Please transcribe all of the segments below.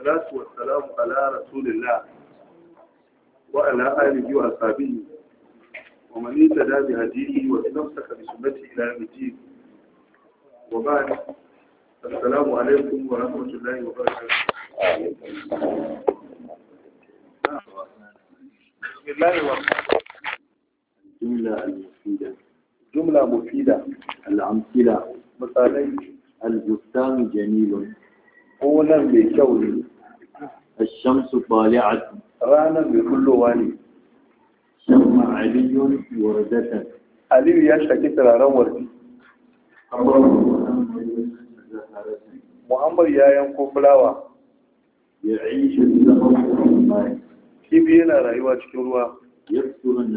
والصلاة والسلام على رسول الله وعلى آله وأصحابه ومن اهتدى بهديه وتمسك بسنته إلى يوم الدين وبعد السلام عليكم ورحمة الله وبركاته بسم الله جملة مفيدة جملة مفيدة الأمثلة مثلا البستان جميل gonar mai kyau ne ashamsu bali'atu ranar mai kullowa ne shamma aliyun aliyu ya shaki turaren wardi muhammad ya yanko fulawa ya aisha da kibi yana rayuwa cikin ruwa yakturan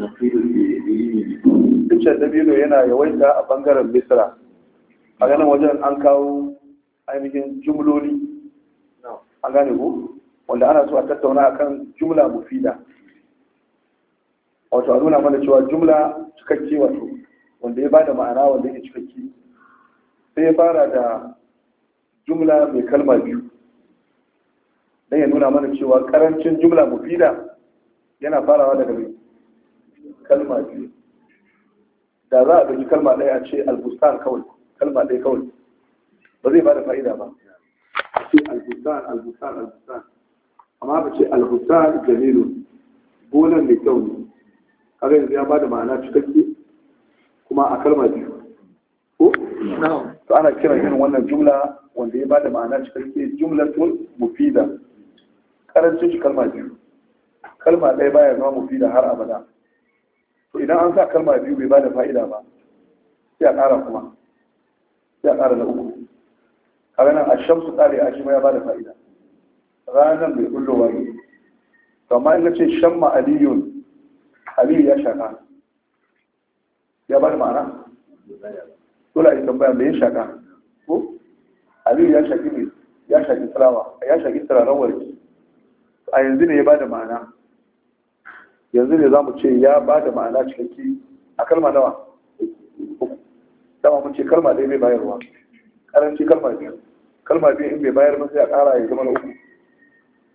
da dabino yana yawaita a bangaren misra a ganin wajen an kawo ainihin jumloli A gane ku, wanda ana so a tattauna akan jumla mufida wato a nuna mana cewa jumla cikakke wato wanda ya bada ma'ana wanda yake cikakke sai ya fara da jumla mai kalma biyu don ya nuna mana cewa karancin jumla mufida yana farawa daga mai kalma biyu da za a ɗauki kalma ɗaya a ce albustan kawai kalma ɗaya kawai ba zai bada fa'ida ba ce al-bustan al amma ba ce al jamilu jamilun gonan mai kyau ne kaga yanzu ya ba da ma'ana cikakke kuma a kalma biyu ko to ana kira irin wannan jumla wanda ya ba da ma'ana cikakke tun mufida karancin shi kalma biyu kalma ɗaya baya zama mufida har abada to idan an sa kalma biyu bai ba da fa'ida ba sai a ƙara kuma sai a ƙara na uku kaga nan a shamsu tsari a shima ya ya bada fa'ida ranar bai kullo wani to amma in ce shamma aliyun aliyu ya shaka ya bada ma'ana dole a yi tambaya mai ya shaka ko aliyu ya shaki ne ya shaki tsirawa ya shaki tsirarar warki a yanzu ne ya bada ma'ana yanzu ne za mu ce ya bada ma'ana cikakki a kalma nawa dama mun ce kalma ɗaya bai bayarwa karanci kalma biyu kalma biyu in bai bayar ba sai a ƙara ya zama na uku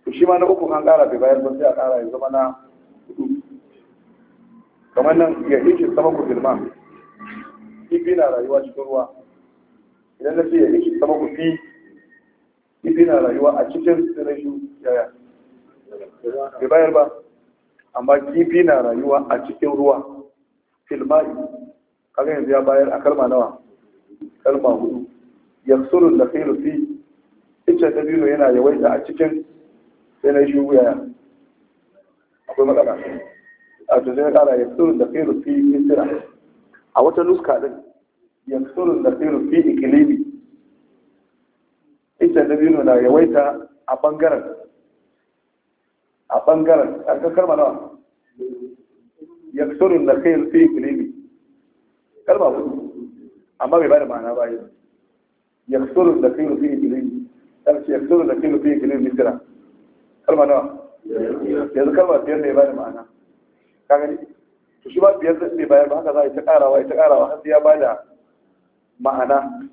to shi ma na uku an ƙara bai bayar ba sai a ƙara ya zama na hudu kamar nan ya ishi sama ku girma kifi na rayuwa cikin ruwa idan na ce ya ishi sama ku fi kifi na rayuwa a cikin tsirrai yaya bai bayar ba amma kifi na rayuwa a cikin ruwa filmai kaga yanzu ya bayar a kalma nawa kalma hudu yansurun da kairu fi ita da biyu yana yawaita a cikin sai na shi yana akwai magana a to sai na kara yansurun da kairu fi misira a wata nuska din yansurun da kairu fi ikilimi ita da biyu na yawaita a bangaren a bangaren karkar kalma nawa yansurun da kairu fi ikilimi kalma hudu amma bai bada ma'ana ba yanzu يقتل الدخيل فيه جليل أمس يقتل الدخيل فيه جليل مثلا كلمة نوع يذكر كلمة بيان ليبان معنا كاغني تشبات بيان ليبان معنا كذا يتقارى ويتقارى وحد يابانا معنا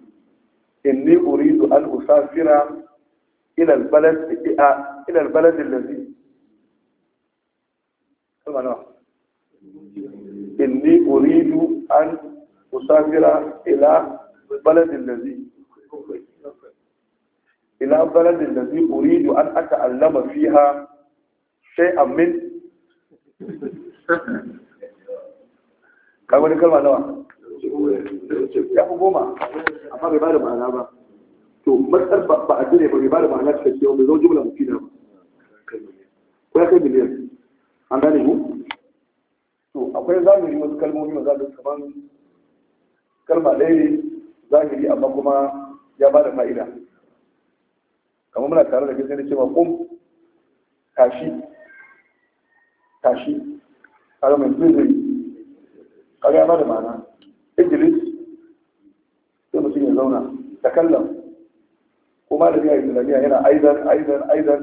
إني أريد أن أسافر إلى البلد إلى البلد الذي كلمة نوع إني أريد أن أسافر إلى البلد الذي ila baladin da zai uridu an aka allama fiha sai amin kai kalma nawa ya fi goma amma bai ba da ma'ana ba to matsar ba a jire ba bai ba da ma'ana cewa? bai zo jumla mufina ba ko ya kai miliyan an gane ku to akwai zahiri wasu kalmomi ma za su kaman kalma ɗaya ne zahiri amma kuma ya ba da fa'ida kamar muna tare da gaske na cewa kum tashi tashi kaga mai zai kaga ya ba da ma'ana idris sai mutum ya zauna takallam ko ma da biya islamiyya yana aizan, aizan, aizan.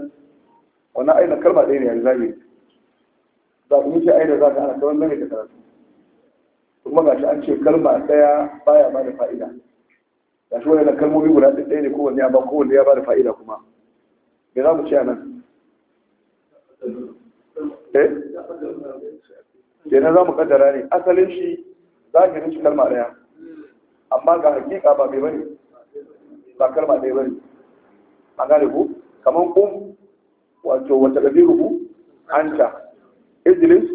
wannan aizan kalma ɗaya ne ya zage za ku yi aizan za ka ana kamar mai da karatu kuma ga shi an ce kalma ɗaya baya ba da fa'ida ga shi wannan kalmomi guda ɗaya ne kowanne amma kowanne ya ba da fa'ida kuma me za mu ce a nan eh nan za mu kaddara ne asalin shi za zahirin shi kalma ɗaya amma ga hakika ba mai bane ba kalma ɗaya bane an gane ku kamar um wato wata ɗabi'u anta idris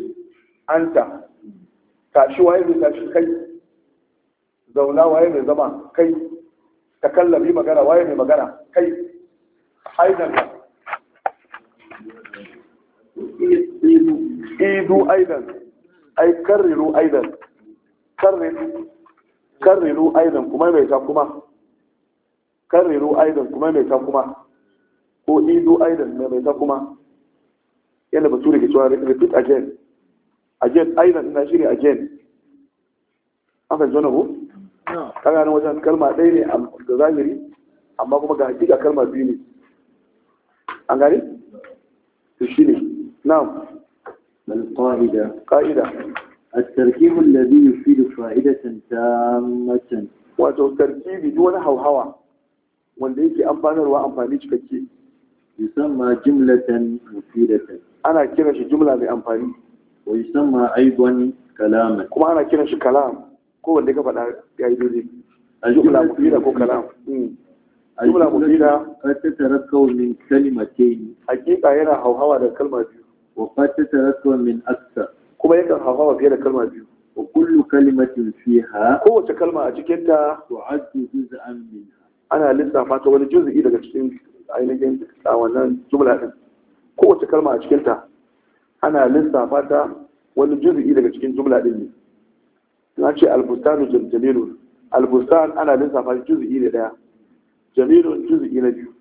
anta tashi waye mai tashi kai zauna waye mai zama kai takallabi magana waye mai magana kai aidan ka idu aidan ai karriru aidan karriru aidan kuma mai ta kuma karriru aidan kuma mai ta kuma ko idu aidan mai ta kuma yana da ke cewa repeat again again aidan ina shirya again an fahimci na ko kaga nan wajen kalma ɗaya ne da zahiri amma kuma ga hakika kalma biyu ne an gani to shine na'am bal qa'ida qa'ida التركيب الذي يفيد فائدة macen wato tarkibi duk wani hauhawa wanda yake amfanarwa amfani cikakke yusamma da mufidatan ana kiran shi jumla mai amfani wa yusamma aibon kalaman kuma ana kiran shi kalaman. ko wanda ka faɗa ya yi dole jumla mufida ko kalam hmm. jumla mufida qad tatarakkau min kalimatayn hakika yana hauhawa da kalma biyu wa qad tatarakkau min akthar kuma yakan hauhawa fiye da kalma biyu wa kullu kalimatin fiha kowace kalma a cikin ta tu'addu juz'an minha ana lissafa ta wani juz'i daga cikin ainihin a wannan jumla din kowace kalma a cikin ta ana lissafa ta wani juz'i daga cikin jumla din ne na ce albustanu Jamilu. albustan ana lissafa juzu'i da daya Jamilu juzu'i na biyu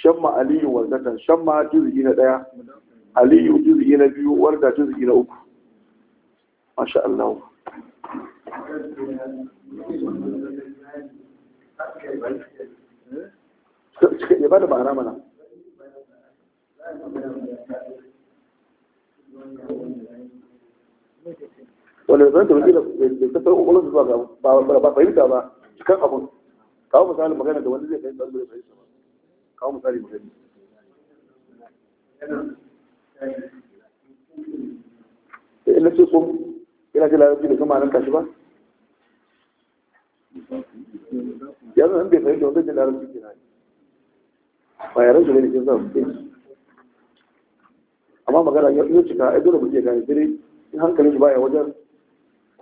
shamma aliyu wardatan shamma juzu'i na daya aliyu juzu'i na biyu warda juzu'i na uku masha Allah suka iya da ma'ana mana Thank you. wanda zan da wakila da ta sauƙo zuwa ga ba fahimta ba cikin kawo misali magana da wani zai fahimta zai fahimta ba kawo misali magana da eh, ina ce ina ce larabci da nan tashi ba ya zan bai fahimta wanda larabci ke ba ne ke zan amma magana ya cika dole gane dare in hankalin shi baya wajen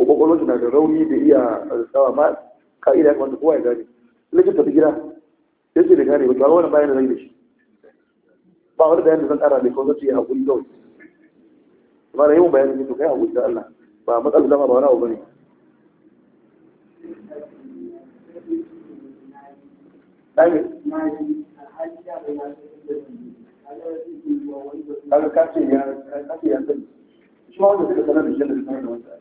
ko kwakwalwarsu na da rauni da iya eh, tsawa ma ka'ida wanda kowa ya gane lakin tafi gida ya ce da gane ba wani bayan da zai da shi ba wani bayan da zan ƙara mai kawai ya haƙuri kawai ba na yawan bayanin mutum kai haƙuri da Allah ba matsalar zama ba wani abu bane kaga kace ya kace ya sani shi wanda suka sanar da shi da sanar da wanda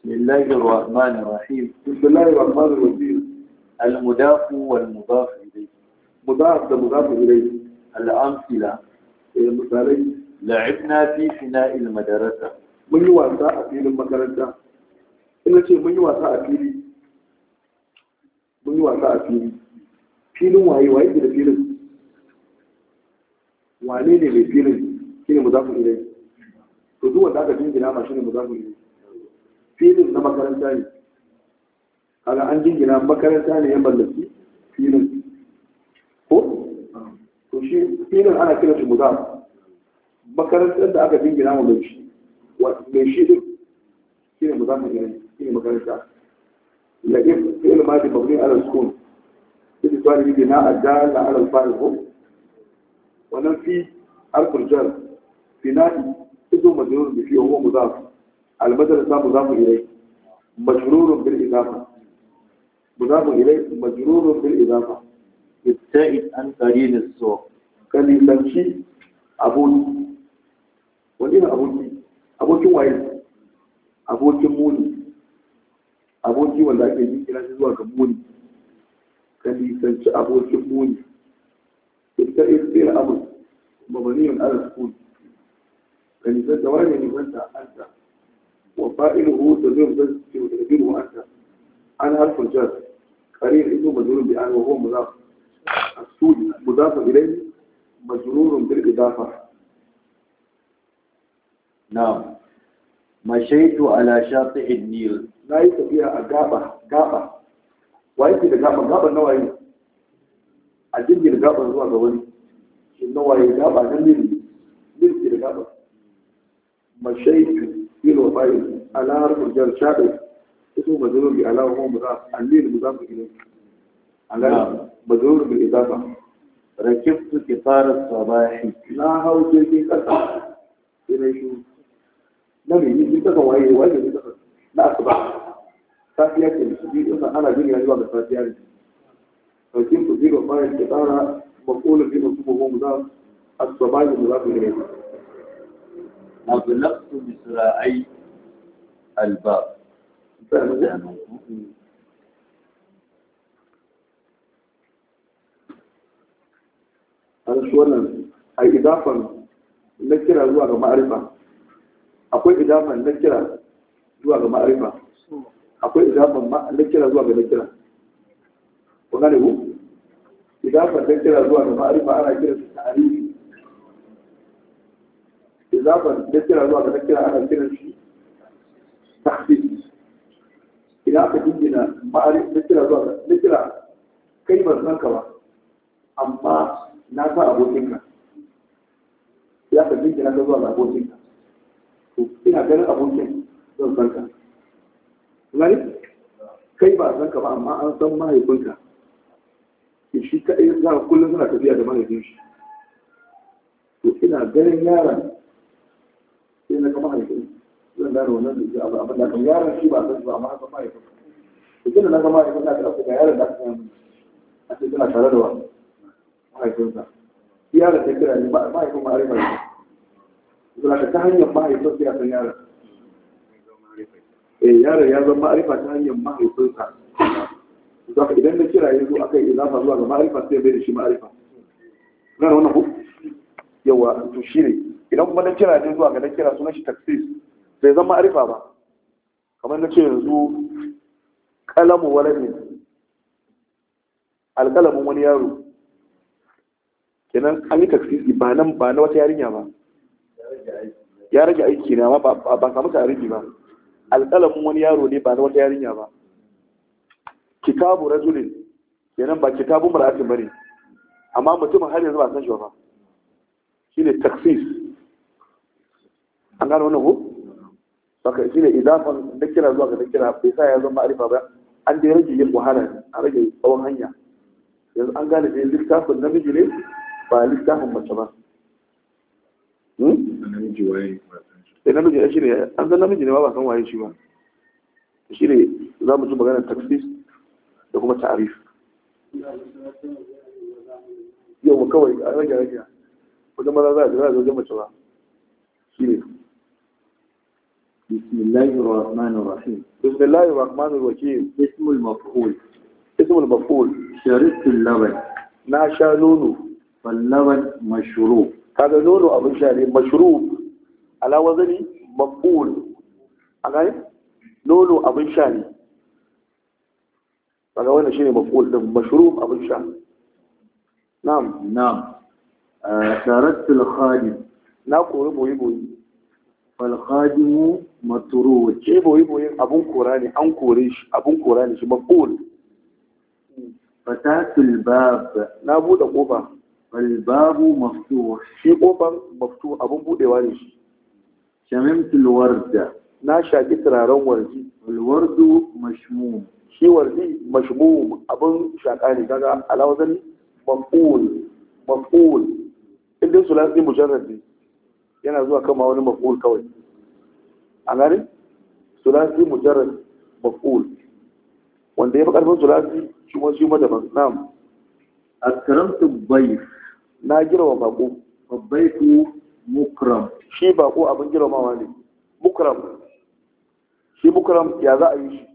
بسم الله الرحمن الرحيم بسم الله الرحمن الرحيم المضاف والمضاف إليه مضاف المضاف إليه الأمثلة المثالين لعبنا في فناء المدرسة من يواسى في المدرسة إن شيء من يواسى في من يواسى من فيل وهي وهي كده في وعنين اللي في كده مضاف إليه من ذاك في كده ما شنو مضاف إليه filin na makaranta ne kaga an jingina makaranta ne ya mallaki filin ko to shi filin ana kira shi mudaf makarantar da aka jingina mu mai shi mai shi din shi ne mudaf ne shi ne makaranta lakin filin ma da mabni ala school shi tsari ne na adala ala fa'il ko wannan fi harkul jar fina'i na'i ido majrur bi fi huwa mudaf البدل اسم مضاف اليه مجرور بالاضافه مضاف اليه مجرور بالاضافه التائب ان قرين السوق كان يمشي ابون ولينا ابون ابو جوائز ابو جمول ابو جي ولا كيجي الى زوا كمول كان يمشي ابو جمول التائب غير ابو مبني على السكون كان يمشي دوائر يمشي انت وفائله ضمير تبديله أنت عن حرف الجر قرين إنه مجرور بأن وهو مضاف السود مضاف إليه مجرور بالإضافة نعم مشيت على شاطئ النيل لا يتبيع أقابة قابة ويكي لقابة قابة نوعي أجل لقابة نوع قولي النوعي قابة نيل نوعي لقابة مشيت kilo bai ala harfin jar shaɗe isu majalur bi ala kuma muza allil muza mu ilai ala majalur bi idafa rakibtu kifara sabahi na hau jirgin ƙasa Ina shi na mai jirgin ƙasa waye waye jirgin ƙasa na asuba safiya ke da su biyu ana jirgin yanzu da safiya ne rakibtu zero bai kifara maƙolin bi masu bugu muza الصباح المضاف إليه أغلقت بسراعي الباب wannan a idafan na kira zuwa ga ma'arifa akwai idafan na zuwa ga ma'arifa akwai idafan na zuwa ga na kira kuna ne ku idafan na zuwa ga ma'arifa ana kira su ta'arifi izaban dakira zuwa ga ana shi idan aka jingina ma'arif dakira zuwa ga dakira kai ka ba amma na sa abokinka ya ka jingina ka zuwa ga abokinka to ina ganin abokin zan san ka kai ba zan ka ba amma an san mahaifinka shi kaɗai za ka kullum suna tafiya da mahaifin shi to ina ganin yaron in na kama zan wannan da abu da kan shi ba san ba amma haka ma na kama da aka da aka yi a ce tana tare da wa mahaifinsa shi ta kira ne mahaifin ma ne zaka ta hanyar mahaifinsa ya san yaron eh yaron ya zama ma'arifa ta hanyar mahaifinsa zaka idan da kira ya zo aka yi izafa zuwa ga ma'arifa sai bai da shi ma'arifa gane wannan ku yawa to shi ne idan kuma na kira ne zuwa ga na kira sunan shi taksis bai zama arifa ba kamar na ce yanzu kalamu walad alkalamin wani yaro kenan an yi taksis, ba nan ba na wata yarinya ba ya rage aiki na ba samu tarihi ba alkalamin wani yaro ne ba na wata yarinya ba kitabu rajulin kenan ba kitabu mar'atin bane amma mutumin har yanzu ba san shi ba Shi ne taksis an gano wannan ko saka shi ne idafan da nakira zuwa ga nakira bai sa ya zama ma'arifa ba an dai rage yin wahala a rage tsawon hanya yanzu an gane dai littafin namiji ne ba littafin mace ba sai hmm? namiji ya shine, eh, eh, an san namiji ne ba ba san waye shi ba shi ne za mu ci magana taksis da kuma ta'arif yau kawai a rage rage wajen maza za a ji za a zo mace ba shi ne بسم الله الرحمن الرحيم بسم الله الرحمن الرحيم اسم المفعول اسم المفعول شربت اللبن ما شانونه فاللبن مشروب هذا لونه أبو شاري مشروب على وزني مفعول أغاني لونه أبو شاري فقال وين شيء مفعول مشروب أبو شاري نعم نعم آه، شاردت الخادم نعم بوي بوي falqadimu matrud ke boye boye abun kora ne an kore shi abun kora ne shi maqul fatatul bab na bude kofa fal babu maftuh shi kofar maftuh abun budewa ne shi shamimtul warda na shaki turaren warji wal wardu mashmum shi wardi mashmum abun shaka ne kaga alawazan maf'ul maf'ul idan sulan mujarrad ne yana zuwa kama wani maf'ul kawai a gari sulasi mujarrad maf'ul wanda ya fi karfin sulasi shi ma shi ma daban na'am akramtu bayf na girma bako ku mukram shi bako abin ma ne mukram shi mukram ya za a yi shi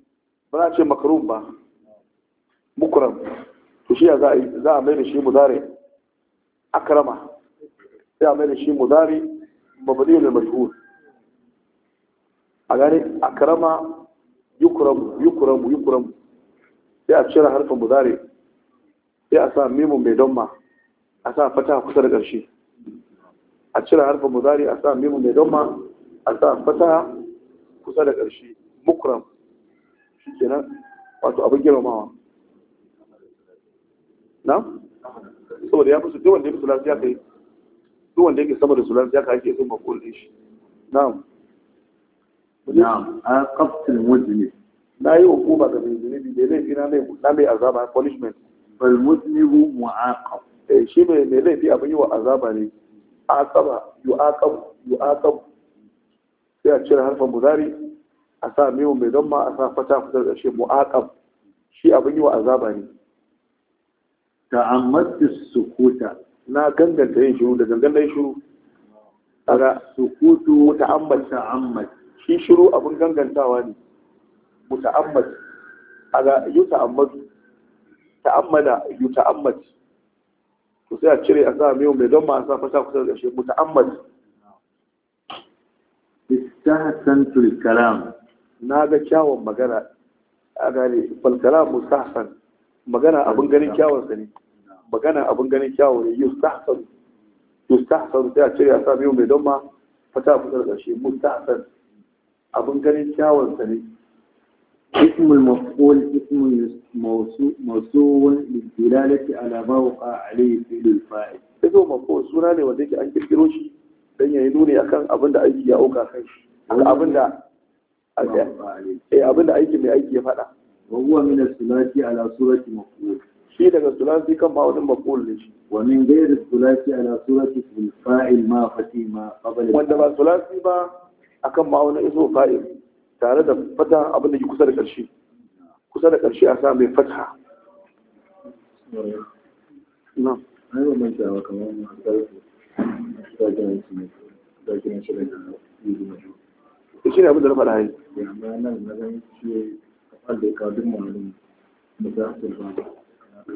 ba za a ce makarun ba mukram to shi ya za a yi za a mai da shi zare. akrama ya a mai da shi zare. مبني للمجهول أغاني أكرم يكرم يكرم يكرم يا أبشر حرف مضارع يا أسا ميم ميدوما أسا فتح كسر قرشي أبشر حرف مضارع أسا ميم ميدوما أسا فتح كسر قرشي مكرم شكرا kenan wato abin girmamawa na? saboda ya fi su duk wanda duk wanda yake sama da sulan ya kake sun ba din shi na'am na'am a qaftul mujlim na yi kuma ga mai zunubi da laifi na mai na mai azaba punishment bal hu mu'aqab eh shi mai mai laifi abin yi wa azaba ne aqaba yu'aqab yu'aqab sai a cire harfan muzari a sa mai mai don ma a sa fata fata da shi mu'aqab shi abin yi wa azaba ne ta'ammat sukuta na ganganta yin shiru da gangan dai shiru ga sukutu muta'ammad ta'ammad shi shiru abin gangantawa ne muta'ammad daga yuta'ammad ta'ammada yuta'ammad to sai a cire a sa mai mai don ma a sa fata kusa da shi muta'ammad istahsantul kalam na ga kyawun magana a gane falkala mustahsan magana abin ganin kyawunsa ne magana abin ganin kyawu ne yustahsan yustahsan sai a cire a sami mai don ma fata fitar ƙarshe mustahsan abin ganin kyawun sa ne اسم المفعول اسم موصول للدلالة على ما وقع عليه فعل الفاعل. اسم مفعول سورة an أن shi, dan ya yi nuni akan abin da aiki ya auka kan shi abin da eh, abin da aiki mai aiki ya faɗa wa huwa min as-sulati ala surati maf'ul shi daga sulasi kan ma wani makul ne shi wa min ghairi sulasi ala surati fil fa'il ma fati ma qabla wanda ba sulasi ba akan ma wani iso fa'il tare da fata abin da ke kusa da ƙarshe. kusa da ƙarshe a sa mai fata na ayo man ta kamar mu shi ne abin da na faɗa yi. Yamma nan na zan ciye kafar da ya kawo duk ma'alum da za su ba. Eh,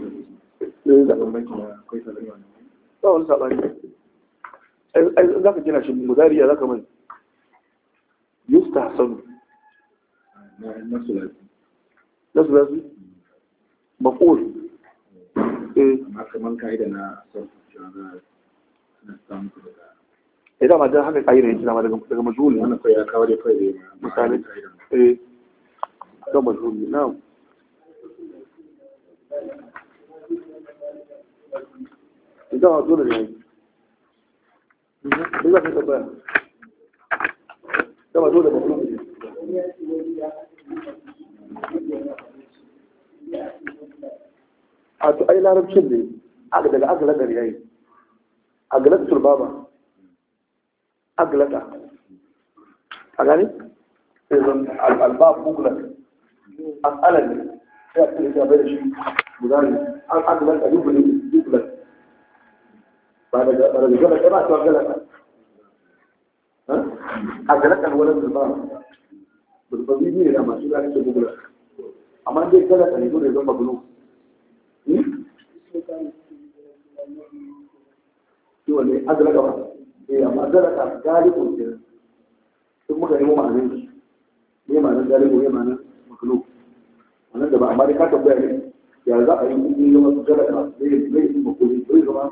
ba wani saɓani za ka gina shi muzariya, za ka mai yusta hasanu na sulasi makul eh. amma kamar ka'ida na idan eh, ma dan haka ka'ida yake dama daga daga misali eh da majhul na'am idan a dole ne duk za ka tabbaya dama dole ba kuma a to ai larabcin ne daga agalar yayi agalar turbaba agalata a gani? albab muglan an alal ne sai a cikin da shi guda ne an agalata yubu ne ba daga gabas ba ta galaka a wani zurba zurbabi ne da masu za su gugula amma dai galaka ne dole zama gulo hmm? shi wanne a ba eh amma galaka galibin ke duk muka nemo ma'anin shi ne ma'anin galibin ne ma'anin makulu wannan da ba amma dai ka tabbaya ne ya za a yi kuma zama galaka zai zama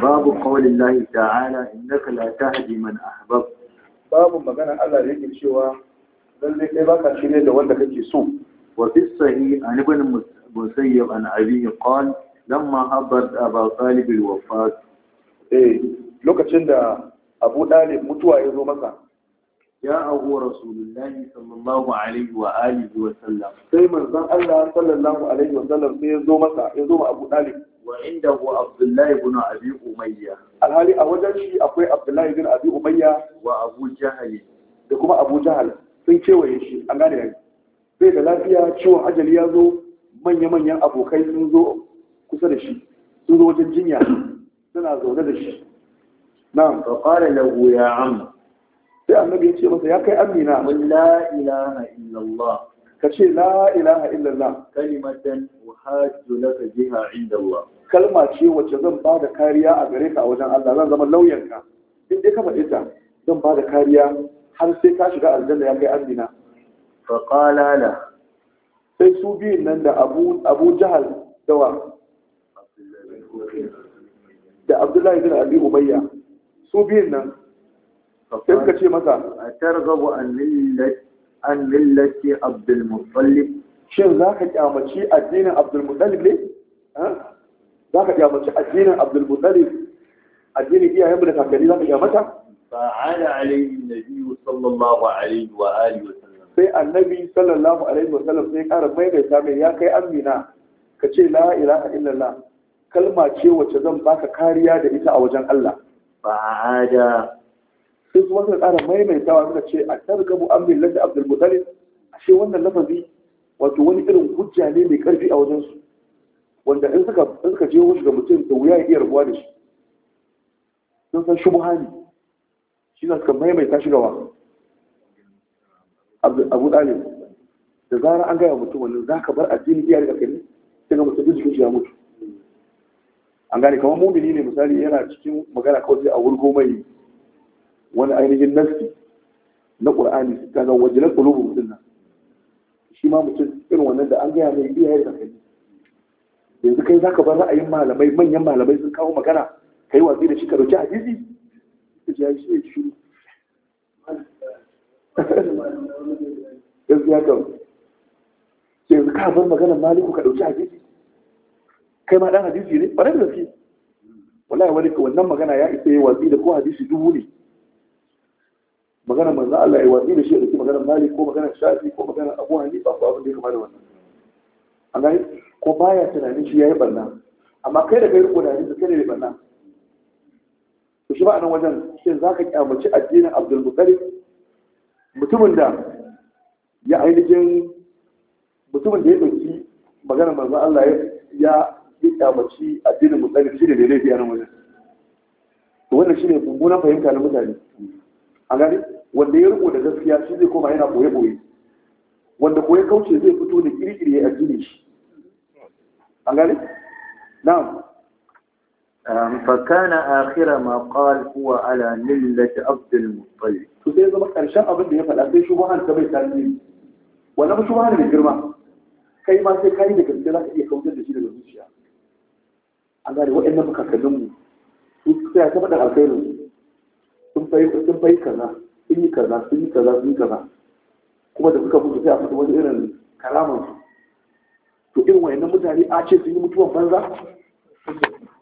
babu kawalin lahi ta'ala innaka la tahdi man ahbab babu magana Allah da yake cewa lalle kai baka shirye da wanda kake so wa fi sahih an ibn musayyib an abi qal lamma habat aba talib al wafat eh lokacin da abu dalib mutuwa ya zo masa جاءه رسول الله صلى الله عليه وآله وسلم سيما زن الله صلى الله عليه وسلم سيزوم abu طالب وعنده عبد الله بن أبي أمية الهالي أولا شيء أخوي عبد الله بن أبي أمية وأبو جهل da kuma Abu Jahal sun kewaye shi an gane yayi bai da lafiya ciwon ajali ya zo manya-manyan abokai sun zo kusa da shi sun zo wajen jinya suna zaune da shi Na fa qala lahu ya am sai annabi ya ce masa ya kai amina min la ilaha illallah ka ce la ilaha illallah kalimatan uhajju laka biha inda Allah kalma ce wacce zan ba da kariya a gare ka a wajen Allah zan zama lauyanka in dai ka faɗi ta zan ba da kariya har sai ka shiga aljanna ya kai amina fa qala la sai su bi nan da Abu Abu Jahal dawa da Abdullahi bin Abi Ubayya su bi nan sai ka ce masa atarghabu an millati an millati Abdul Muttalib shin zaka kyamaci addinin Abdul Muttalib ne za ka kyamaci addinin abdulmutsalif addinin iyayenmu da kakanni za ka kyamata fa'ala alaihi nabi sallallahu alaihi wa alihi wa sallam sai annabi sallallahu alaihi wa sallam sai ƙara maimaita mai ya kai amina ka ce la ilaha illallah kalma ce wacce zan baka kariya da ita a wajen Allah Ba a da. sai kuma suka ƙara maimaitawa suka ce a targabu an millata abdulmutsalif ashe wannan lafazi wato wani irin hujja ne mai ƙarfi a wajensu wanda in suka in suka je wuce ga mutum da wuya ya iya rabuwa da shi sun san shi ne shi na suka maimaita shi wa abu dalib da zara an gaya mutum wannan za ka bar addini iya daga kai sai ga mutum jikin shi ya mutu an gane kamar mumini ne misali yana cikin magana kawai sai a wurgo mai wani ainihin nasi na ta ga wajilan qulubu mutum nan shi ma mutum irin wannan da an gaya mai iya daga kai yanzu kai zaka bar ra'ayin malamai manyan malamai sun kawo magana kai watsi da shi ka dauki hadisi gaskiya kan yanzu ka bar magana maliku ka dauki hadisi kai ma dan hadisi ne ba da Wala wallahi wani wannan magana ya isa ya watsi da ko hadisi dubu ne magana manzo Allah ya watsi da shi ya dauki magana malik ko magana shafi ko magana abu hanifa ba abin da ya kama da wannan an gani ko baya tunanin shi ya yi barna amma kai da kai riko da hadisi kai ne barna to shi ba a nan wajen shin zaka kyamaci addinin Abdul Muttalib mutumin da ya ainihin mutumin da ya dauki maganar manzo Allah ya ya kyamaci addinin Muttalib shi ne da laifi a nan wajen to wannan shi ne mummunan fahimta na mutane a gani wanda ya riko da gaskiya shi zai koma yana boye boye wanda koyi kauce zai fito da kirkiri ya addini shi Angali gane na'am فكان آخر ما قال هو على ملة عبد المطلب to sai zama karshen abin da ya faɗa sai shubuhan ta bai tasiri wannan shubuhan ne girma kai ma sai kai da gaske za ka iya kautar da shi daga zuciya an gane waɗannan makakannin mu su sai ta faɗin alkhairin sun fai sun fai kaza sun yi kaza sun yi kaza sun yi kaza kuma da suka mutu sai a fito wani irin karaman su to irin wayannan mutane a ce sun yi mutuwan banza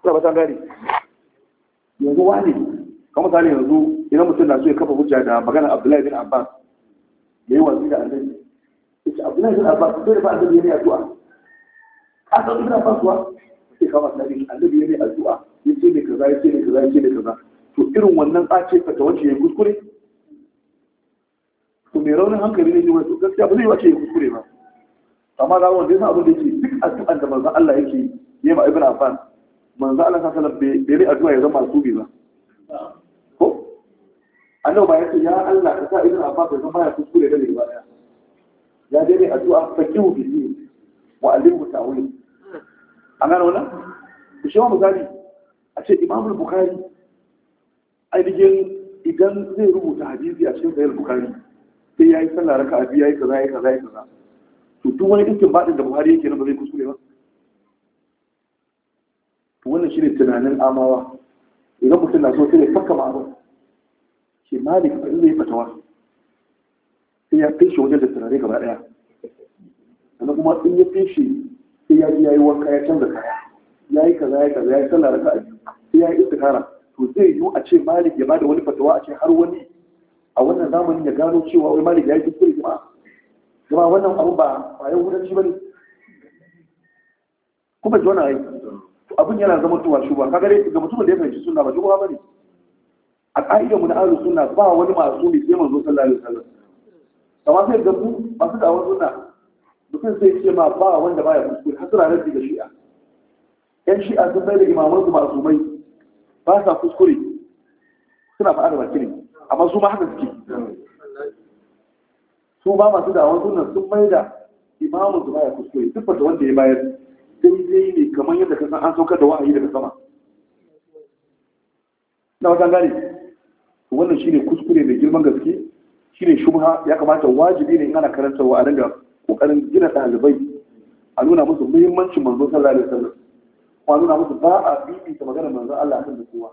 ta ba ta gari yanzu wani kamar mutane yanzu idan mutum na so ya kafa hujja da magana abdullahi bin abbas ya yi watsi da annabi ita abdullahi bin abbas sai da ba annabi ya yi addu'a a san ibn abbas wa sai kama annabi annabi ya yi addu'a ya ce ne kaza ya ce ne kaza ya ce ne kaza to irin wannan tsace ka ta wace ya kuskure to mai raunin hankali ne ne wani gaskiya ba zai wace ya kuskure ba amma ga wanda yasa abin da yake duk addu'an da manzon Allah yake yi ma ibnu afan manzon Allah sallallahu alaihi wasallam bai addu'a ya zama su ba ko annabi ba yake ya Allah ka sa ibnu afan ya zama ya kuskure da ba ya dai ne addu'a bi ni wa alimu ta'wil an gano wannan ku shi wa misali a ce Imam Bukhari ainihin idan zai rubuta hadisi a cikin Sahih Bukhari sai yayi sallah raka'a biyu yayi kaza yayi kaza yayi kaza to duk wani iskin baɗin da buhari yake nan ba zai kuskure ba to wannan shi ne tunanin amawa idan mutum na so sai ya fakka ma'abin shi malik ba zai fatawa sai ya kai shi wajen da tunanin gaba ɗaya sannan kuma in ya fi shi sai ya ji ya yi wanka ya canza kaya ya yi kaza ya kaza ya yi sallah raka'a sai ya yi istikara to zai yiwu a ce malik ya bada wani fatawa a ce har wani a wannan zamanin ya gano cewa wai malik ya yi kuskure jama'a kuma wannan abu ba ba wudanci ba ne kuma ji wani ayi abin yana zama tuwa shi ba kaga dai ga mutumin da ya fahimci suna ba shi ba ne a ƙa'idar mu na ahlus suna ba wani masu ne sai manzo sallallahu alaihi wasallam amma sai ga ku masu da'awar suna, mutum sai ce ma ba wanda baya kuskure har suna rabbi da shi'a yan shi'a sun bai da imaman su masu mai ba sa kuskure suna faɗa da bakin amma su ma haka suke su ba masu da awon sunan sun mai da imamun su baya kuskure duk da wanda ya bayar daidai ne kamar yadda kasan an saukar da wa'ayi daga sama na wata gane wannan shine kuskure mai girman gaske shine shubha ya kamata wajibi ne in ana karantarwa a dinga kokarin gina ɗalibai a nuna musu muhimmancin manzo sallallahu alaihi wasallam a nuna musu ba a bibita maganar manzo Allah akan da kowa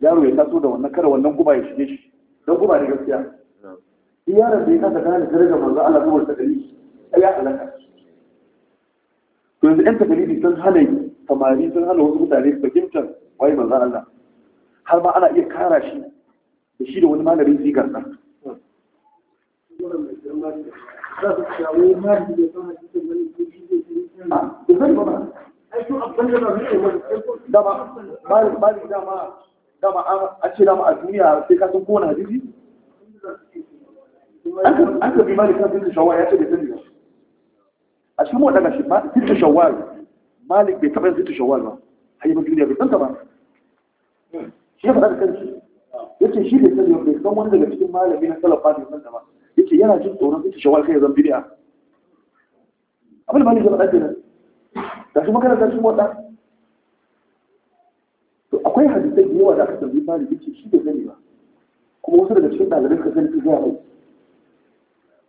yaro ya taso da wannan kar wannan guba ya shige shi don guba ne gaskiya Iyarar da ya kasa gane darajar manzo Allah saboda takalifi ai ya halaka yanzu ɗan takalifi sun hana samari sun hana wasu mutane fahimtar waye manzo Allah har ma ana iya kara shi da shi da wani malamin sigar ah, dama a ce dama a duniya sai ka san kowane hadisi an tafi malik kan tilta shawar ya ce bai sani ba a cikin waɗanda shi ma shawar malik bai taɓa yin tilta shawar ba a yi duniya bai santa ba shi ya faɗa da kanshi ya ce shi bai sani ba bai san wani daga cikin malami na salafa bai santa ba ya ce yana jin tsoron tilta shawar kai ya zan bidiya abin da malik ya faɗa kenan ga shi da shi waɗa to akwai hadisai da yawa da aka tambayi malik ya ce shi bai sani ba kuma wasu daga cikin ɗalibai suka sani su gaya mai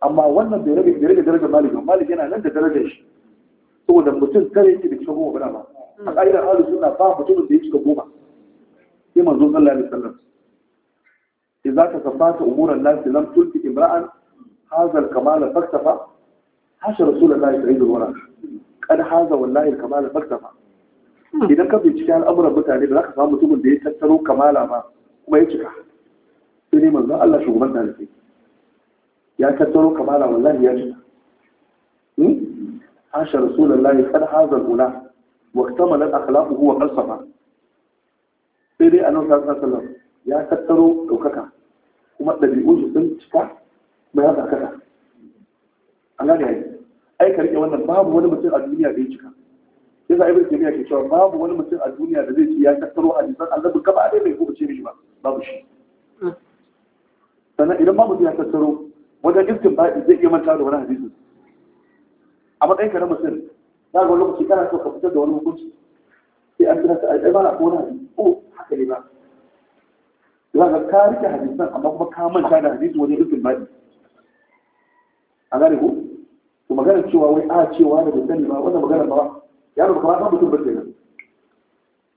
amma wannan bai rage bai rage darajar malik ba malik yana nan da darajar shi saboda mutum tare yake da cikin goma bana ba a ƙa'idar ahlus sunna ba mutumin da ya cika goma sai manzon sallallahu alaihi wasallam idza tasafata umuran nas lam tulfi imra'an hadha al-kamal faktafa hasha rasulullahi sallallahu alaihi wasallam kad haza wallahi al-kamal faktafa idan ka bincike al'amuran mutane da za ka samu mutumin da ya tattaro kamala ba kuma ya cika sai ne manzon Allah shugaban da kai ya tattaro kamala wallahi ya cika hasha hmm? rasulullahi kad hazal ula wa kamalat akhlaquhu wa falsafa sai dai annabi sallallahu alaihi ya tattaro daukaka kuma dabi'un sun cika ba ya zakata an gane yi. ai ka rike wannan babu wani mutum a duniya da ya cika yasa ibn taymiya ke cewa babu wani mutum a duniya da zai ce ya tattaro hadisan annabi gaba ɗaya bai kubuce mishi ba babu shi hmm. sannan idan babu ya tattaro wajen iskin baɗi zai iya manta da wani hadisin a matsayin kare na mutum za ga wani lokaci kana so ka fitar da wani hukunci sai an kira ta ai ba na ko wani hadisi ko oh, haka ne ba za ka ka rike hadisan amma kuma ka manta da hadisin wajen iskin baɗi. a gane ku, to magana cewa wai a ah, cewa da bai sani ba wannan magana ba ya rubuta ba mutum ba kenan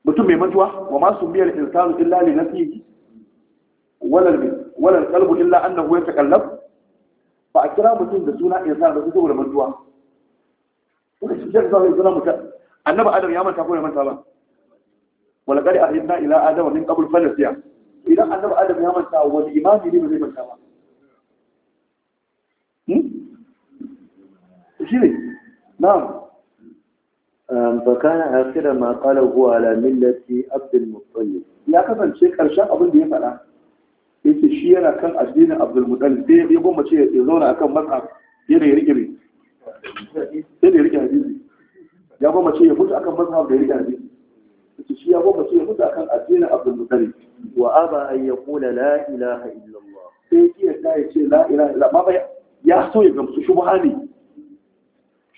mutum mai mantuwa wa ma sumbiyar insanu illa li walar wala Walar kalbu illa annahu yatakallab ba a kira mutum da suna insan da su saboda mantuwa kuma shi shi zai kira mutum annabi adam ya manta ko ya manta ba wala qad ahyayna ila adam min qabl falasiya idan annabi adam ya manta wani imami ne ba zai manta ba shi ne na'am فكان آخر ما قاله هو على ملة عبد المطلب يا كفن شيء كرشا أبن دي فلا yace shi yana kan addinin Abdul Muttalib sai ya goma ce ya zauna akan mazhab yana ya rike sai da ya rike hadisi ya goma ce ya mutu akan mazhab da ya rike hadisi yace shi ya goma ce ya mutu akan addinin Abdul Muttalib wa aba an yaqula la ilaha illa sai ya ta ya ce la ilaha illa ma ya so ya gamsu shubha ne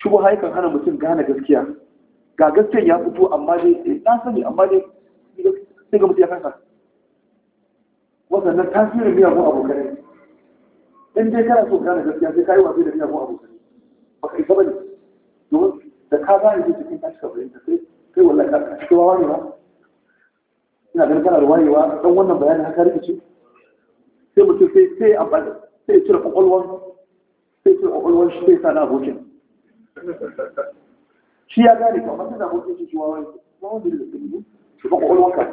shubha yakan hana mutum gane gaskiya ga gaskiya ya fito amma dai eh, na sani amma dai sai ga mutum ya kasa waɗannan tasirin miyagun abokanai in dai kana so gane gaskiya sai ka yi watsi da miyagun abokanai ba ka isa ba ne domin da ka gane ne cikin tashi ka fahimta sai kai wallahi ka cikin wawa ne ba ina ganin kana da wayewa dan wannan bayanin haka rikici sai mutum sai sai amfani sai cire kwakwalwan sai cire kwakwalwan shi sai sa na abokin shi ya gane kamar sai na abokin shi shi wawa ne wawa ne da gaske ne shi kwakwalwan ka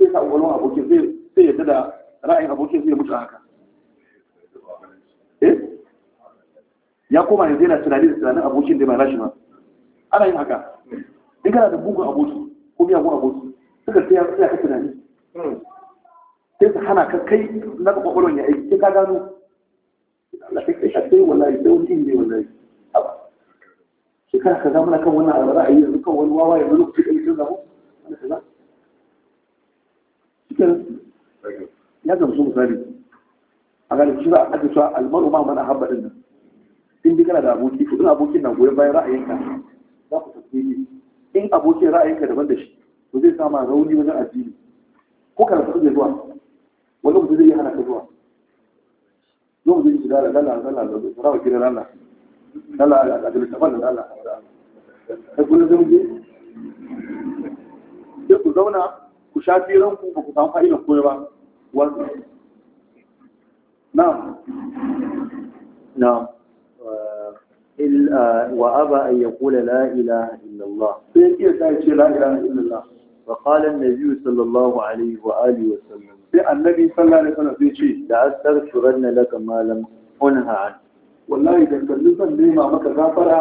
sai sa wani abokin sai yadda da ra'ayin abokin zai mutu haka eh ya koma yanzu yana tunani da tunanin abokin da ba nashi ba ana yin haka in kana da bugun aboki ko miyagun aboki suka sai ya ka tunani hmm. sai su hana ka kai na kwakwalwar ya aiki sai ka gano Allah sai kai sai wallahi sai wani ne wallahi shekara ka zama kan wannan ra'ayi yanzu kan wani wawa yanzu lokacin da ya zama wani kaza kenan ya gamsu misali a ganin shi ba a cewa almaru ma mana habba ɗin nan in bi kana da aboki to in abokin na goyon bayan ra'ayinka za ku tafi in abokin ra'ayinka daban da shi to zai sama rauni wajen addini ko karatu zai zuwa wani mutum zai yi hana ka zuwa yau mutum zai shiga da lalla lalla da sarawa gida lalla lalla da littafan da lalla da kullum zai muje sai ku zauna ku sha firan ku ba ku وأبى أن يقول لا إله إلا الله لا إله إلا الله فقال النبي صلى الله عليه وآله وسلم النبي صلى الله عليه وسلم لا أستغفرن لك ما لم أنهى عنه والله إذا كنت لما مكة غافرة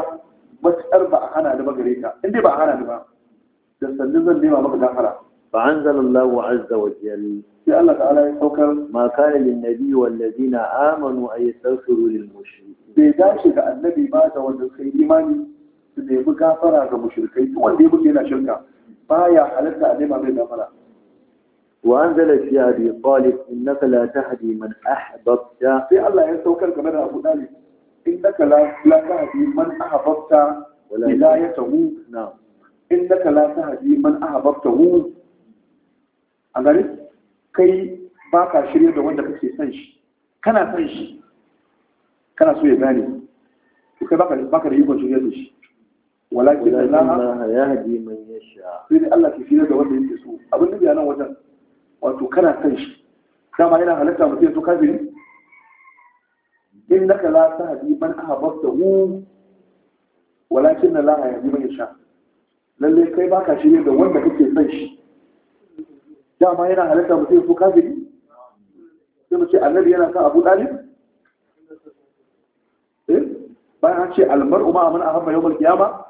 أربع أنا لما قريكا إندي بأحانا لما تسلمتن لما مكة غافرة فأنزل الله عز وجل سألك على سوكر ما كان للنبي والذين آمنوا أن يستغفروا للمشركين بيداشك النبي مات والنسخي إيماني سنيم كافرة كمشركين والنبي كنا شركة ما يحلت أنما من أمرا وأنزل في أبي طالب إنك لا تهدي من أحببت في الله يسوكر كمان أبو طالب إنك لا, لا تهدي من أحببت ولايته نعم إنك لا تهدي من أحببته a gari kai ba ka shirya da wanda kake san shi kana san shi kana so ya gane to kai ba ka da ikon shirya da shi walakin Allah ya haji man yasha sai dai Allah ke shirya da wanda yake so abin da ya nan wajen wato kana san shi dama yana halatta mutum ya so kafiri naka la tahdi man ahbabtahu walakin Allah ya haji man yasha lalle kai baka shirya da wanda kake san shi dama yana halitta mutum ya so kafiri sai mu ce annabi yana sa abu eh bayan an ce almar umar amana a hamma yawon kiyama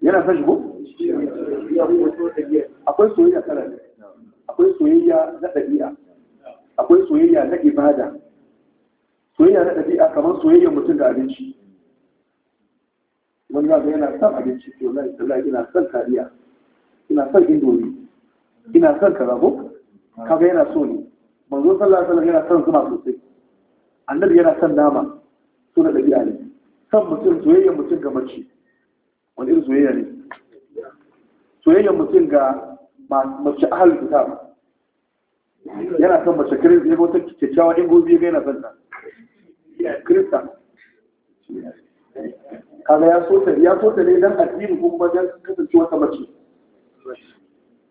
yana san shi ko? akwai soyayya kala akwai soyayya na ɗabi'a akwai soyayya na ibada soyayya na ɗabi'a kamar soyayya mutum da abinci wani zaga yana son abinci to na isla yana son kariya ina son indomi ina son kaza kaga yana so ne manzo sallallahu alaihi wasallam yana son zuma sosai annabi yana son nama so na dabi'a ne son mutum soyayyar mutum ga mace wani irin soyayya ne soyayyar mutum ga mace ahalin ba yana son mace kirista ya wata kyakkyawa in gobe ga yana son ta kirista kaga ya so ta ne dan addini kuma dan kasancewa ta mace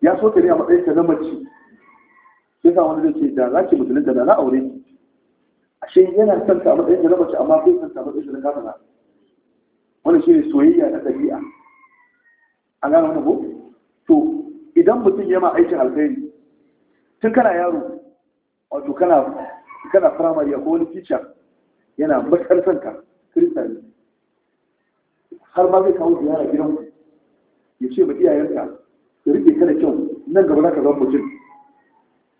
ya so ta ne a matsayin ta na mace sai sa wani zai ce da za ki musulunta da na aure a ashe yana son ta a matsayin ta na mace amma bai son ta a matsayin ta na kafara Wani shi ne soyayya na ɗabi'a a gano wani ko to idan mutum ya ma aikin alkhairi tun kana yaro wato kana kana firamare ko wani teacher yana matsar son ka kirista ne har ma zai kawo ziyara gidanku ya ce ba iyayenka rike ka da kyau nan gaba za ka zama mutum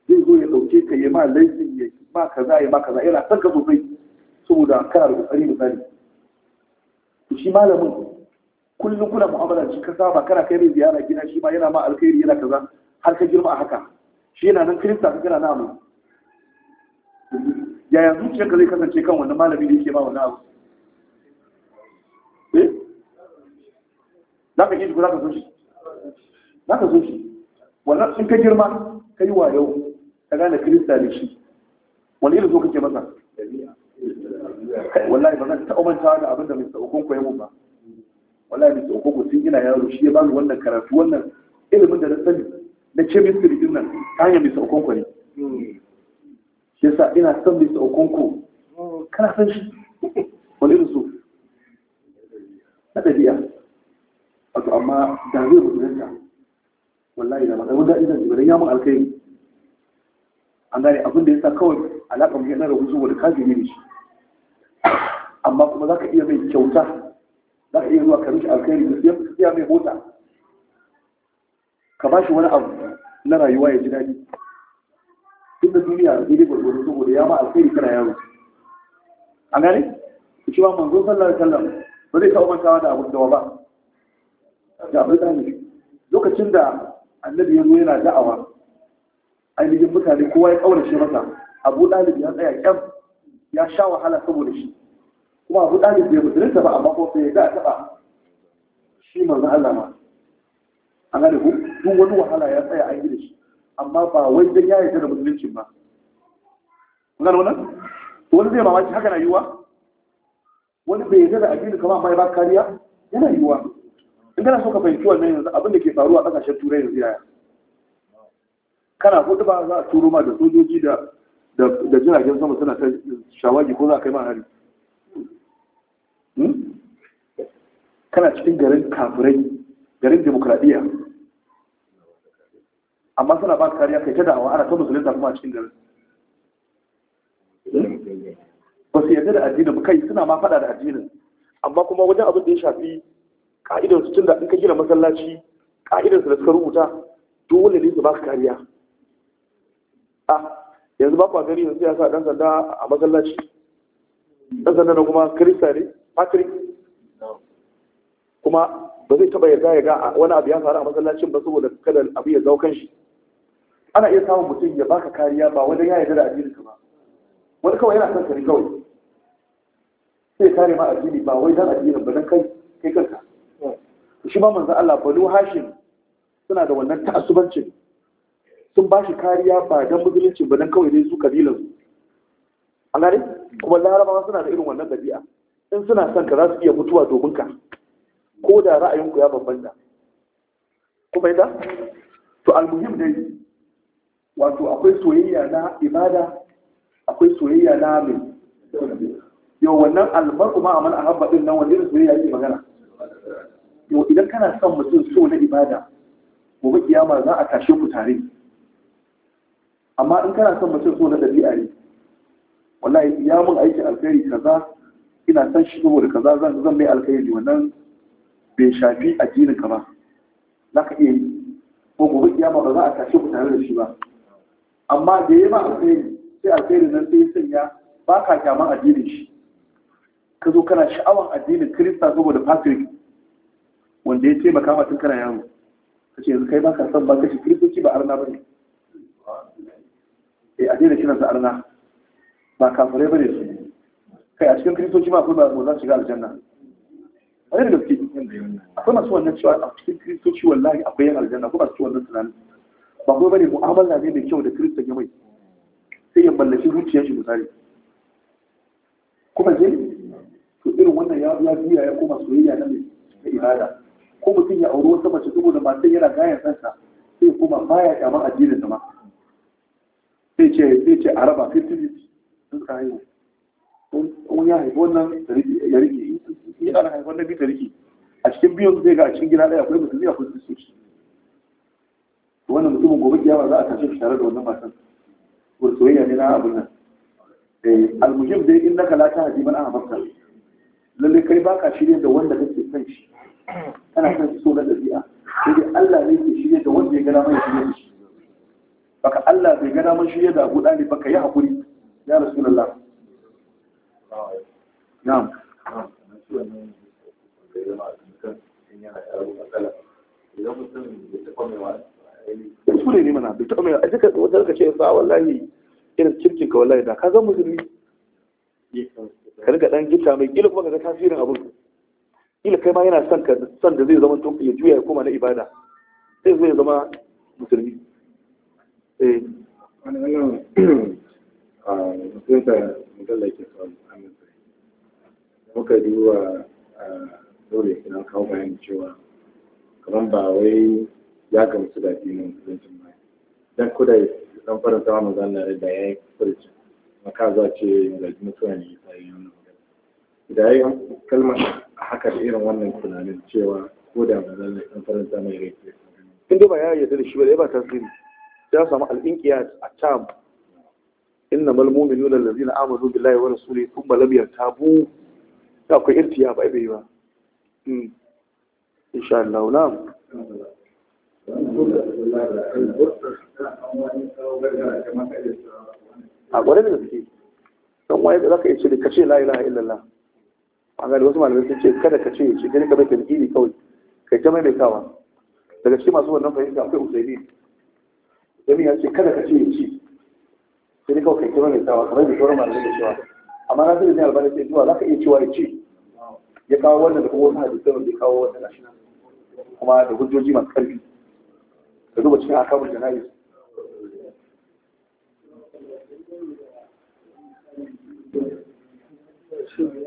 zai zo ya ɗauke ka yi ma laifin ya yi ma kaza ya ma kaza yana son ka sosai saboda kana da kokari misali tsari. shi malamin kullum kuna mu'amala shi ka saba kana kai mai ziyara gida shi ma yana ma alkhairi yana kaza har ka girma a haka shi yana nan kirista ka gana namu yaya zuciyarka zai kasance kan wannan malami da yake ma wannan abu eh za ka ji ko za ka so shi za zo shi wannan in ka girma ka yi wayo ka gane kirista ne shi wani irin zo kake masa wallahi ba zan taɓa mantawa da abin da mai tsakon koyi mun ba wallahi mai tsakon ko sun gina yaro shi ya ba mu wannan karatu wannan ilimin da na sani na ce mai sirri nan ta hanyar mai tsakon ko ne shi yasa ina son mai tsakon ko kana san shi wani irin so na ɗabi'a wato amma da zai mutunta wallahi da matsayar wanda idan jibirin ya mun alkhairi an gane abin da ya sa kawai alaƙa mu yana rabu saboda kafin yi shi amma kuma za ka iya mai kyauta za ka iya zuwa ka mishi alkhairi ka siya mai mota ka ba shi wani abu na rayuwa ya ji daɗi duk da duniya da daidai gwargwaro saboda ya ma alkhairi kana yaro an gane shi ma manzo sallallahu alaihi wasallam ba zai taɓa mantawa da abin dawa ba da abin da lokacin da annabi ya zo yana da'awa ainihin mutane kowa ya shi masa abu dalib ya tsaya kyam ya sha wahala saboda shi kuma abu dalib bai ta ba amma ko sai ya ga taba shi manzo Allah ma an gane ku duk wani wahala ya tsaya an da shi amma ba wai dan ya yarda da musuluncin ba kun wannan to wani zai mamaki haka na wani bai yarda da addini kamar amma ya ba kariya yana yiwuwa. in kana so ka fahimci wannan yanzu abin da ke faruwa a kasashen turai yanzu yaya kana ta ba za a turo ma da sojoji da da jiragen sama suna ta shawagi ko za a kai ma hari hmm? kana cikin garin kafirai garin demokradiyya amma suna ba kariya kai ta dawa ana ta musulunta kuma a cikin garin hmm? ba su yarda da addinin kai suna ma fada da addinin amma kuma wajen abin da ya shafi ka'idar su da in ka gina masallaci ka'idar su da suka rubuta dole ne su ba su kariya a ah, yanzu ba kwa gari yanzu ya sa dan sanda a masallaci dan sanda na kuma kirista ne patrick kuma ba zai taba yarda ya ga wani abu ya faru a masallacin ba saboda kada abu ya zau kanshi. ana iya samun mutum ya baka kariya ba wanda ya yarda da addinin ka ba wani kawai yana son kare kawai sai kare ma addini ba wai dan addinin ba dan kai kai kan shi ba manzan Allah balu hashim suna da wannan ta'assubancin sun ba shi kariya ba don musulunci ba don kawai dai su kabilan su an kuma larabawa suna da irin wannan dabi'a in suna son ka za su iya mutuwa domin ka ko da ra'ayinku ya bambanta kuma yadda to almuhim dai wato akwai soyayya na ibada akwai soyayya na mai yau wannan almar ma a man a habba din nan wanda irin soyayya yake magana yau idan kana son mutum so na ibada gobe kiyama za a tashe ku tare amma in kana son mutum so na ɗabi'a ne wallahi ya mun aikin alkhairi kaza ina san shi saboda kaza zan zan mai alkhairi wannan bai shafi addinin ka ba za ka iya yi ko gobe kiyama ba za a tashe ku tare da shi ba amma da ya ma alkhairi sai alkhairi nan sai sanya ba ka kyaman addinin shi ka zo kana sha'awan addinin kirista saboda patrick wanda ya taimaka ma tun kana yaro ce yanzu kai baka son ba kace kristoci ba arna bane eh a daina kiransa arna ba ba bane su kai a cikin kiristoci ma akwai ba mu su shiga aljanna wani da gaske akwai masu wannan cewa a cikin kristoci wallahi akwai yan aljanna Kuma masu wannan tunanin ba kuma bane mu'amala ne mai kyau da kiristan ya mai sai ya mallaki zuciyar shi misali kuma je to irin wannan ya biya ya koma soyayya na mai ibada ko mutum ya auri wata mace saboda matan yana gayan sansa sai kuma baya kyaman addinin ta ma sai ce sai ce a raba 50 sun suka haihu Kun ya haifi wannan ya rike in ana haifi wannan bi ta rike a cikin biyun zai ga a cikin gida ɗaya akwai musulmi akwai shi wannan mutumin gobe kiyama za a kashe shi tare da wannan matan Wani soyayya ne na abin nan eh almuhim dai in naka la tahdi a ahbabta lalle kai baka shirya da wanda kake kana kan so na ɗabi'a, sai dai Allah ne ke shirya da wanda ya gana mai shirya da shi baka Allah bai gana mai shirya da guda ne baka yi hakuri ya rasulullah na'am sure ne mana bai taɓa mai a duka wata daga ce sa wallahi irin kirkin ka wallahi da ka zan musulmi ka riga ɗan gita mai kila kuma ka ga tasirin abin ila kai ma yana son ka son da zai zama tun ya juya ya koma na ibada sai zai zama musulmi eh wannan ah, a mutum ta mutalla ke samu amince muka duba ah, dole ina kawo bayan cewa kamar ba wai ya gamsu da dinin musuluncin ba dan kuda dan fara sama magana da yayi furci maka za ce yanzu mutuwa ne ta yi wannan da yayi kalmar A haka da irin wannan tunanin cewa ko da ba zan ɗan faranta mai rai in dai ba ya yarda da shi ba ba tasiri ya samu al'inkiya a tam inna mal Amadu bi amanu billahi wa rasulihi thumma lam yartabu da akwai irtiya ba bai ba hmm. insha Allah na a ƙwarar da suke don waye za ka yi ce da kace la ilaha illallah an gane wasu malamai sun ce kada ka ce shi gani ka bai tarkiri kawai kai ta kawa daga cikin masu wannan fahimta akwai usaini usaini ya ce kada ka ce shi sai kawai kai ta kawa kamar da sauran malamai da cewa amma na zai ne albani sai zuwa za ka iya cewa ya ce ya kawo wannan da kuma wasu hadisai wanda ya kawo wata gashi kuma da hujjoji masu karfi ka zuba cikin akamun jana'iz Thank you.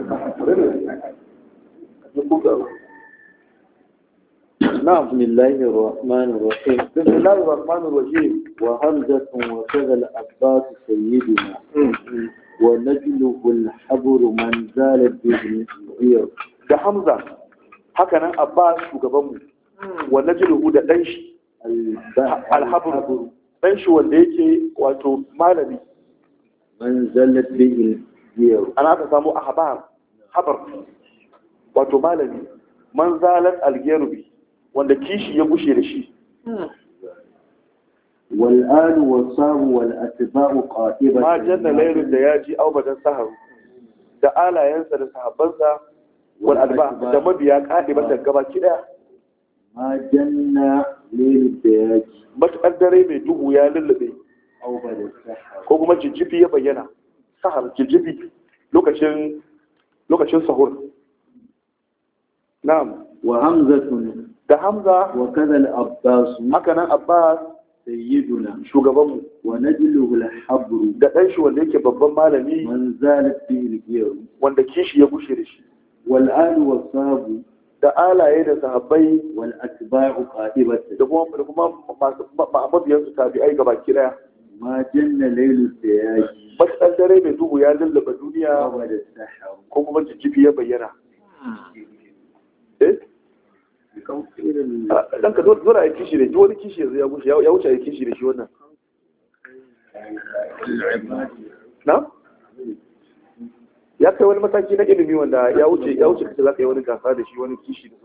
نعم بسم الله الرحمن الرحيم بسم الله الرحمن الرحيم وهمزة وكذا العباس سيدنا ونجله الحبر من زالت به da Hamza haka nan Abbas shugabanmu wa najluhu da dan shi alhabru dan shi wanda yake wato malami man zallat bihi ana ka samo ahbar habar wato malami man zalat wanda kishi ya gushe da shi والآل والصاب ba قائبة ما جن da دياجي أو بدن سهر da alayensa da sahabbansa wal alba da mabiya ƙaɗiban da gaba kiɗa ma janna ya ji matuƙar dare mai duhu ya lullube ko kuma jijjifi ya bayyana sahar jijjifi lokacin lokacin sahur na'am wa hamzatun da hamza wa kadal abbas haka nan abbas sayyiduna shugabanmu wa najluhu al-habru da dan shi wanda yake babban malami man zalat bihi al wanda kishi ya gushe da shi wal alu wasabu da alaye da sahabbai wal atba'u qa'ibatu da kuma da kuma mabiyan su tabi'ai gaba kira ma janna laylu sayyi matsal dare mai duhu ya lallaba duniya kuma kuma jijjifi ya bayyana hmm. eh dan ka dole a yi kishi da shi wani kishi yanzu ya wuce ya wuce a yi kishi da shi wannan na ya kai wani mataki na ilimi wanda ya wuce ya wuce kace za ka yi wani gasa da shi wani kishi da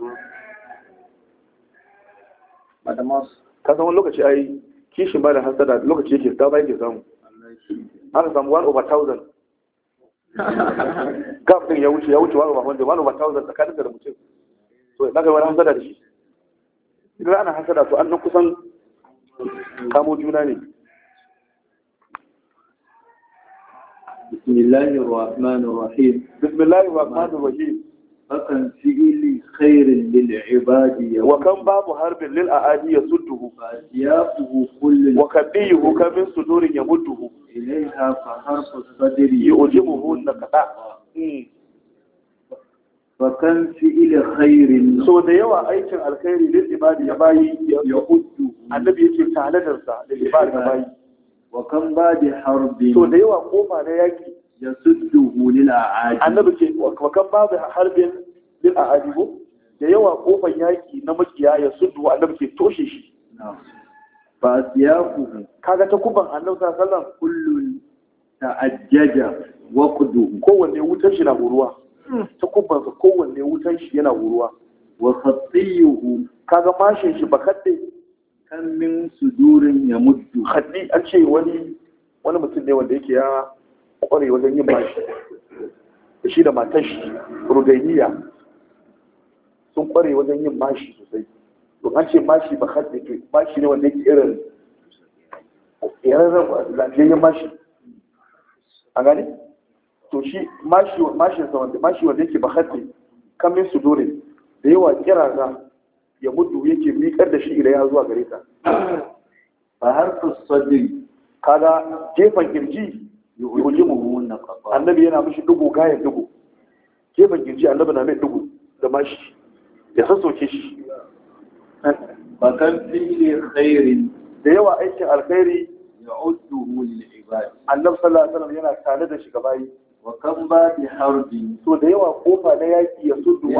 sauran ka san wani lokaci ai kishin ba da hasada lokaci yake ta ba yake samu ana samu one over thousand. gap din ya wuce ya wuce 1 over 100 1 over 1000 tsakanin da mutum to da ga wani hasada da shi idan ana hasada to an kusan kamo juna ne bismillahir rahmanir rahim akan fi'ili khairin lil wa kan babu harbin lil aadi yasudduhu fasiyahu kullu wa kabihu ka min sudurin yamudduhu ilayha fa harfu sadri yujibuhu naqa fakan fi ila khairin so da yawa aikin alkhairi lil ibadi ya bayi ya uddu annabi yake talalar sa lil ibadi ya bayi wa kan badi harbin so da yawa kofa na yaki ya suddu lil aadi annabi ke wa kan badi harbin lil aadi da yawa kofan yaki na makiya ya suddu annabi ke toshe shi ba siyaku kaga ta kuban annabi sallallahu alaihi wasallam kullun ta'ajjaja waqdu kowanne wutar shi na ruwa ta kubar kubbansa kowanne wutan shi yana wuruwa wa khatiyuhu kaga mashin shi ba kadde kan min sudurin ya muddu khadi an ce wani wani mutum ne wanda yake ya kware wajen yin mashi da shi da matar shi rugainiya sun kware wajen yin mashi sosai to an ce mashi ba hadde to mashi ne wanda yake irin irin lafiyayyen mashi an gane to shi mashi wanda yake kan kamin su dore da yawa kirara ya mutu yake miƙar da shi idan ya zuwa gare ta Ba har sadri kaga gefen kirji yuji mu annabi yana mishi dugu gayan dugu gefen kirji annabi na mai dugu da mashi ya sassoke shi Ba kan fi'li khairi da yawa aikin alkhairi ya'udduhu lil ibad annabi sallallahu alaihi wasallam yana tare da shi gabayi wa kan ba bi harbi so da yawa kofa na yaki ya suddu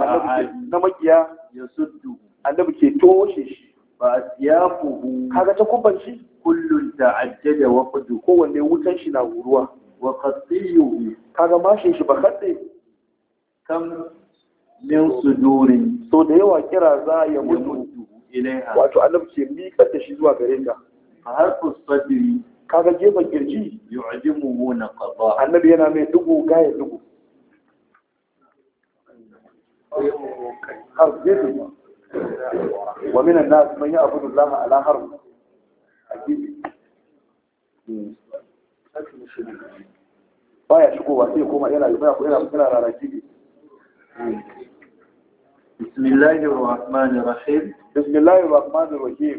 na makiya ya suddu annabi ke toshe shi ba siyafuhu kaga ta kubban shi kullun ta'addada wa fudu kowanne wutan shi na guruwa wa qatiyuhu kaga mashin shi ba kadde kam min sudurin so da yawa kira za ya mutu ilaiha wato annabi ke miƙa da shi zuwa gare ka har harfu sadri kaga jeba kirji yu'dimu na qada annabi yana mai dugu gaya dugu har wa min an-nas man ya'budu Allah ala harf baya ba sai koma yana yana yana yana بسم الله الرحمن الرحيم بسم الله الرحمن الرحيم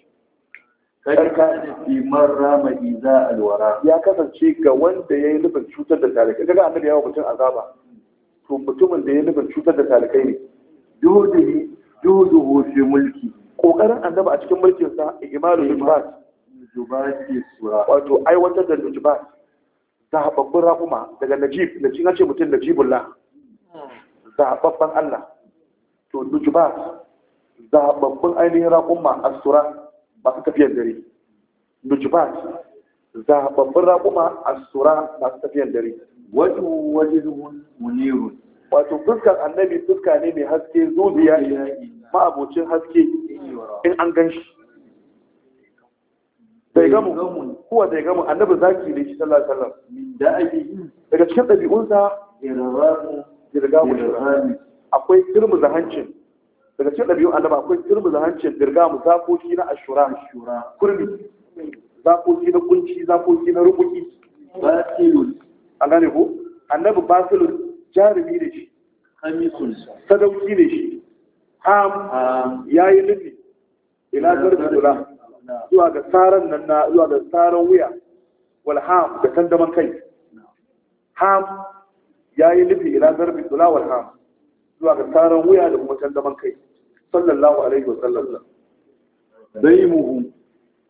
Ka za ya kasance ga wanda ya yi nufin cutar da talikai daga annabi wa mutum azaba to mutumin da ya yi nufin cutar da talikai ne juhudihi juhuduhu fi mulki kokarin annabi a cikin mulkinsa imalu jubat wato aiwatar da jubat zababbin rakuma daga najib najib na ce mutum najibullah zababban allah to jubat zababbin ainihin rakuma asura masu tafiyan dare nujubat zababbin raƙuma a sura masu tafiyan dare wajen zuhun muniru wato fuskar annabi fuska ne mai haske zuciya ma'abocin haske in an gan shi da gamu kuwa da gamu annabi zaki ne shi sallallahu alaihi wasallam da ake daga cikin ɗabi'unsa irramu irgamu akwai turmuza hancin daga cikin ɗabi'un annaba akwai turbi da hancin dirga mu zakoki na ashura kurmi zakoki na kunci zakoki na rubuki basilun an gane ko annabi basilun jarumi ne shi hamisun sadauki ne shi ham ya yi nufi ila zarbi dola zuwa ga tsaron nan na zuwa ga tsaron wuya wal ham da tandaman kai ham ya yi nufi ila zarbi dola wal ham zuwa ga tsaron wuya da kuma tandaman kai sallallahu alaihi wa sallam daimuhu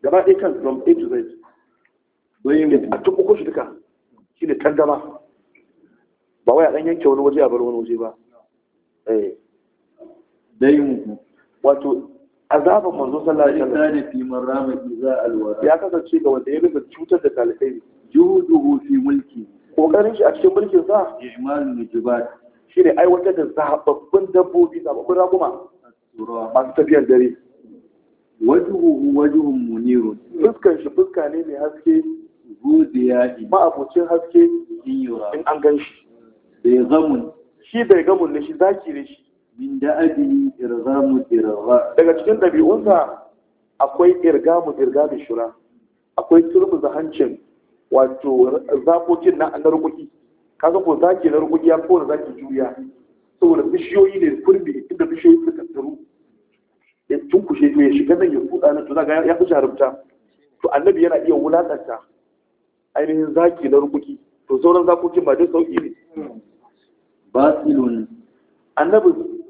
gaba ɗaya kan from A to Z daimuhu a tukkuku shi duka shi ne tandama ba wai a ɗan yanke wani waje a bar wani waje ba eh. daimuhu wato azaban manzo sallallahu alaihi wa sallam fi marama iza alwara ya kasance ga wanda ya rufe cutar da talibai juhuduhu fi mulki kokarin shi a cikin mulkin sa imalu Shi ne aiwatar da zababbin dabbobi zababbin raguma masu tafiyar dare wajuhu wajuhun muniru fuskan shi fuska ne mai haske zuciya ma'abucin haske in an gan shi bai gamun shi bai gamun ne shi zaki ne shi min irza irgamu irza. daga cikin ɗabi'unsa akwai irgamu irgamu shura akwai turmuza hancin wato zakokin na an rukuki kaga ko zaki na rukuki ya kowane zaki juriya saboda bishiyoyi ne kurbi inda mutanen to zaga ya fi jarumta to annabi yana iya wulakanta ainihin zaki na rukuki to sauran zakokin ba dai sauki ne basilun annabi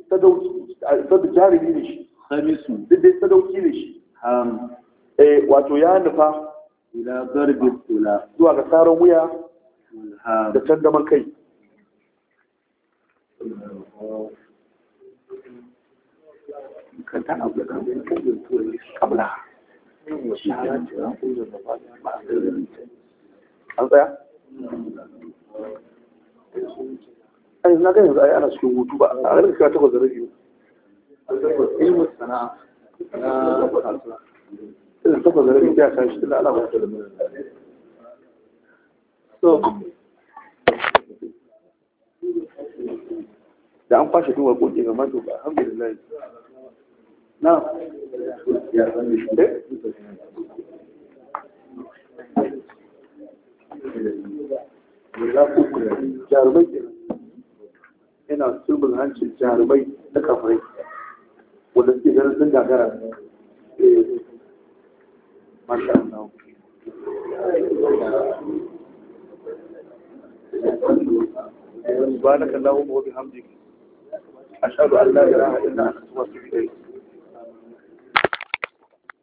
sadauki jarumi ne shi samisu duk dai sadauki ne shi eh wato ya nufa ila garbi kula zuwa ga tsaron wuya da can daman kai قبلها an tsaya? ai na gani yanzu ai ana cikin hutu ba a ranar kira takwas da rabi ilmin sana'a na kasuwa da rabi da kan shi da ana ta da so da an kwashe duwar koke ga mato ba alhamdulillah na jarumai yana sulbin hancin jarumai na kafirai wanda suke ganin sun gagara eh, masha Allah سبحانك اللهم وبحمدك أشهد أن لا إله إلا أنت أستغفرك